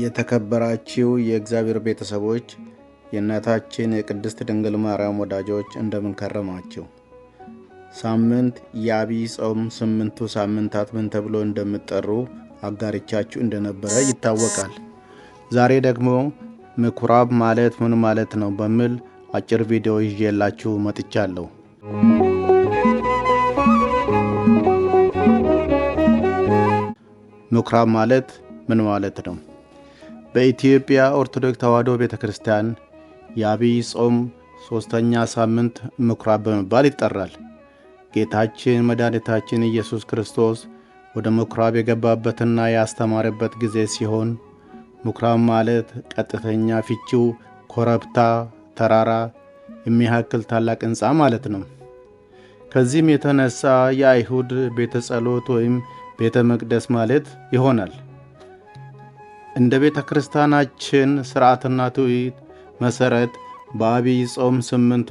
የተከበራችሁ የእግዚአብሔር ቤተሰቦች የእናታችን የቅድስት ድንግል ማርያም ወዳጆች እንደምን ሳምንት የአብይ ጾም ስምንቱ ሳምንታት ምን ተብሎ እንደምጠሩ አጋሪቻችሁ እንደነበረ ይታወቃል። ዛሬ ደግሞ ምኩራብ ማለት ምን ማለት ነው በሚል አጭር ቪዲዮ ይዤላችሁ መጥቻለሁ። ምኩራብ ማለት ምን ማለት ነው? በኢትዮጵያ ኦርቶዶክስ ተዋሕዶ ቤተ ክርስቲያን የአብይ ጾም ሦስተኛ ሳምንት ምኵራብ በመባል ይጠራል። ጌታችን መድኃኒታችን ኢየሱስ ክርስቶስ ወደ ምኵራብ የገባበትና ያስተማረበት ጊዜ ሲሆን ምኵራብ ማለት ቀጥተኛ ፍቺው ኮረብታ፣ ተራራ የሚያክል ታላቅ ሕንፃ ማለት ነው። ከዚህም የተነሣ የአይሁድ ቤተ ጸሎት ወይም ቤተ መቅደስ ማለት ይሆናል። እንደ ቤተ ክርስቲያናችን ሥርዓትና ትውፊት መሠረት በአብይ ጾም ስምንቱ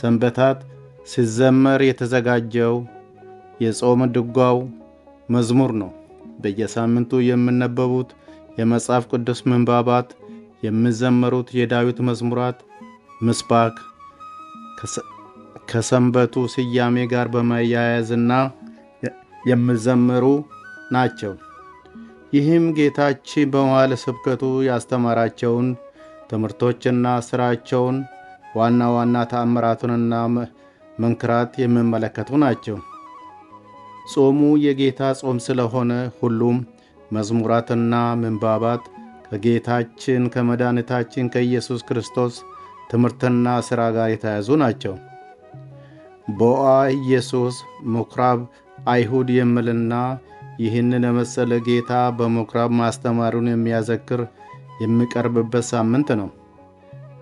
ሰንበታት ሲዘመር የተዘጋጀው የጾም ድጓው መዝሙር ነው። በየሳምንቱ የምነበቡት የመጽሐፍ ቅዱስ ምንባባት፣ የሚዘመሩት የዳዊት መዝሙራት ምስባክ ከሰንበቱ ስያሜ ጋር በመያያዝና የምዘምሩ ናቸው። ይህም ጌታችን በመዋዕለ ስብከቱ ያስተማራቸውን ትምህርቶችና ሥራቸውን ዋና ዋና ተአምራቱንና መንክራት የሚመለከቱ ናቸው። ጾሙ የጌታ ጾም ስለሆነ ሁሉም መዝሙራትና ምንባባት ከጌታችን ከመድኃኒታችን ከኢየሱስ ክርስቶስ ትምህርትና ሥራ ጋር የተያዙ ናቸው። ቦአ ኢየሱስ ምኵራብ አይሁድ የሚልና ይህንን ለመሰለ ጌታ በምኵራብ ማስተማሩን የሚያዘክር የሚቀርብበት ሳምንት ነው።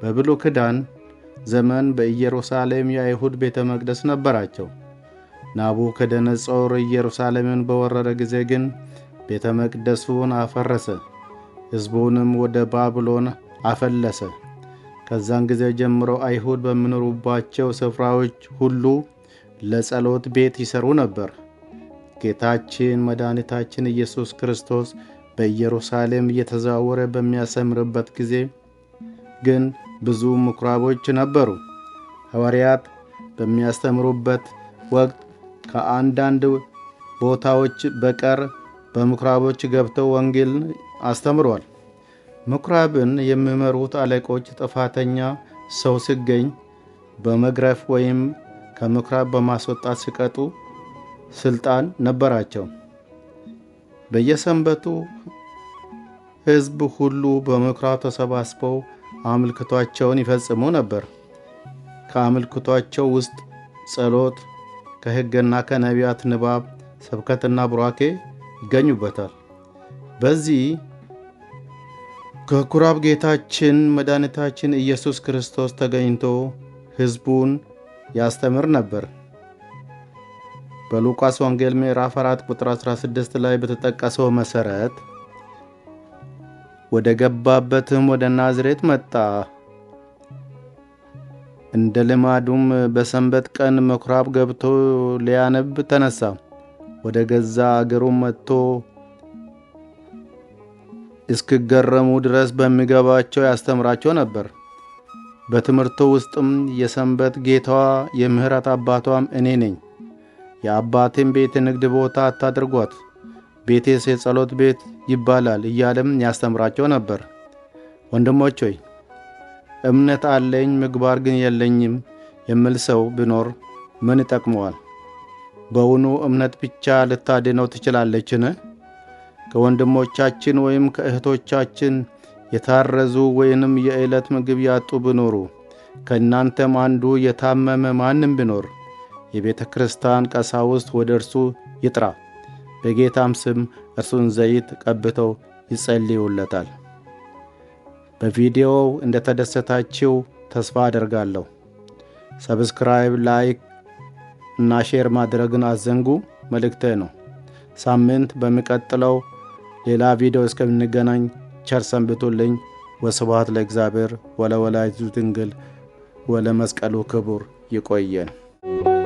በብሉ ክዳን ዘመን በኢየሩሳሌም የአይሁድ ቤተ መቅደስ ነበራቸው። ከደነጾር ኢየሩሳሌምን በወረረ ጊዜ ግን ቤተ መቅደሱን አፈረሰ፣ ሕዝቡንም ወደ ባብሎን አፈለሰ። ከዛን ጊዜ ጀምሮ አይሁድ በሚኖሩባቸው ስፍራዎች ሁሉ ለጸሎት ቤት ይሠሩ ነበር። ጌታችን መድኃኒታችን ኢየሱስ ክርስቶስ በኢየሩሳሌም እየተዘዋወረ በሚያሰምርበት ጊዜ ግን ብዙ ምኵራቦች ነበሩ። ሐዋርያት በሚያስተምሩበት ወቅት ከአንዳንድ ቦታዎች በቀር በምኵራቦች ገብተው ወንጌል አስተምሯል። ምኵራብን የሚመሩት አለቆች ጥፋተኛ ሰው ሲገኝ በመግረፍ ወይም ከምኵራብ በማስወጣት ሲቀጡ ስልጣን ነበራቸው። በየሰንበቱ ሕዝብ ሁሉ በምኵራብ ተሰባስበው አምልክቷቸውን ይፈጽሙ ነበር። ከአምልክቷቸው ውስጥ ጸሎት፣ ከሕግና ከነቢያት ንባብ፣ ስብከትና ቡራኬ ይገኙበታል። በዚህ ከኩራብ ጌታችን መድኃኒታችን ኢየሱስ ክርስቶስ ተገኝቶ ሕዝቡን ያስተምር ነበር። በሉቃስ ወንጌል ምዕራፍ 4 ቁጥር 16 ላይ በተጠቀሰው መሠረት ወደ ገባበትም ወደ ናዝሬት መጣ። እንደ ልማዱም በሰንበት ቀን መኩራብ ገብቶ ሊያነብ ተነሳ። ወደ ገዛ አገሩም መጥቶ እስክገረሙ ድረስ በሚገባቸው ያስተምራቸው ነበር። በትምህርቱ ውስጥም የሰንበት ጌታዋ የምሕረት አባቷም እኔ ነኝ የአባቴን ቤት ንግድ ቦታ አታድርጓት፣ ቤቴስ የጸሎት ቤት ይባላል እያለም ያስተምራቸው ነበር። ወንድሞች ሆይ እምነት አለኝ ምግባር ግን የለኝም የሚል ሰው ቢኖር ምን ይጠቅመዋል? በውኑ እምነት ብቻ ልታድነው ትችላለችን? ከወንድሞቻችን ወይም ከእህቶቻችን የታረዙ ወይንም የዕለት ምግብ ያጡ ቢኖሩ ከእናንተም አንዱ የታመመ ማንም ቢኖር የቤተ ክርስቲያን ቀሳውስት ወደ እርሱ ይጥራ፣ በጌታም ስም እርሱን ዘይት ቀብተው ይጸልዩለታል። በቪዲዮው እንደተደሰታችው ተስፋ አደርጋለሁ። ሰብስክራይብ፣ ላይክ እና ሼር ማድረግን አዘንጉ መልእክቴ ነው። ሳምንት በሚቀጥለው ሌላ ቪዲዮ እስከምንገናኝ ቸር ሰንብቱልኝ። ወስብሐት ለእግዚአብሔር ወለወላዲቱ ድንግል ወለመስቀሉ ክቡር። ይቆየን።